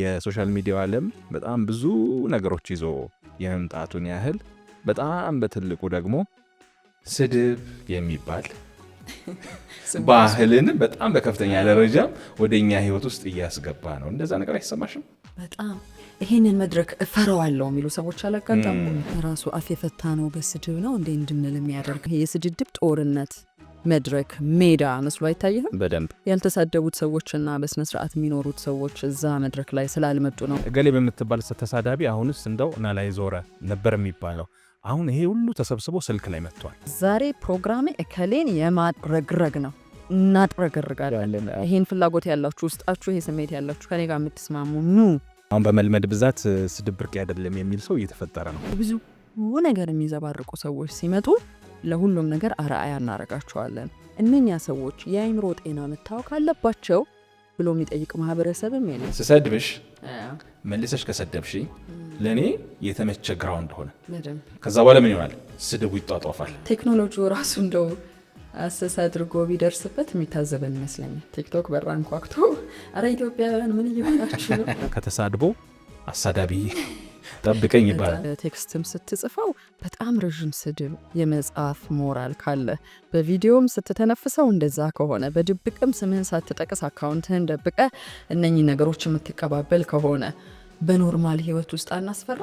የሶሻል ሚዲያው ዓለም በጣም ብዙ ነገሮች ይዞ የመምጣቱን ያህል በጣም በትልቁ ደግሞ ስድብ የሚባል ባህልን በጣም በከፍተኛ ደረጃም ወደኛ ህይወት ውስጥ እያስገባ ነው። እንደዛ ነገር አይሰማሽም? በጣም ይህንን መድረክ እፈራዋለሁ የሚሉ ሰዎች አላጋጣሙ ራሱ አፍ የፈታ ነው በስድብ ነው እንዴ እንድንል የሚያደርግ የስድድብ ጦርነት መድረክ ሜዳ መስሎ አይታይህም? በደንብ ያልተሳደቡት ሰዎችና በስነስርዓት የሚኖሩት ሰዎች እዛ መድረክ ላይ ስላልመጡ ነው። እገሌ በምትባል ተሳዳቢ አሁንስ እንደው እና ላይ ዞረ ነበር የሚባለው። አሁን ይሄ ሁሉ ተሰብስቦ ስልክ ላይ መጥቷል። ዛሬ ፕሮግራሜ እከሌን የማጥረግረግ ነው። እናጥረግርጋለን። ይህን ፍላጎት ያላችሁ ውስጣችሁ ይሄ ስሜት ያላችሁ ከኔ ጋር የምትስማሙ ኑ። አሁን በመልመድ ብዛት ስድብርቅ አይደለም የሚል ሰው እየተፈጠረ ነው። ብዙ ነገር የሚዘባርቁ ሰዎች ሲመጡ ለሁሉም ነገር አርአያ እናደርጋቸዋለን። እነኛ ሰዎች የአይምሮ ጤና መታወክ አለባቸው ብሎ የሚጠይቅ ማህበረሰብም የለም። ስሰድብሽ መልሰሽ ከሰደብሽ ለእኔ የተመቸ ግራው እንደሆነ ከዛ በኋላ ምን ይሆናል? ስድቡ ይጧጧፋል። ቴክኖሎጂ ራሱ እንደው አሰስ አድርጎ ቢደርስበት የሚታዘበን ይመስለኛል። ቲክቶክ በራን ኳክቶ አረ ኢትዮጵያውያን ምን እየሆናችሁ ነው? ከተሳድቦ አሳዳቢ ጠብቀኝ ይባላል። ቴክስትም ስትጽፈው በጣም ረዥም ስድብ የመጽሐፍ ሞራል ካለ፣ በቪዲዮም ስትተነፍሰው እንደዛ ከሆነ፣ በድብቅም ስምህን ሳትጠቅስ አካውንትህን ደብቀ እነኚህ ነገሮች የምትቀባበል ከሆነ በኖርማል ህይወት ውስጥ አናስፈራ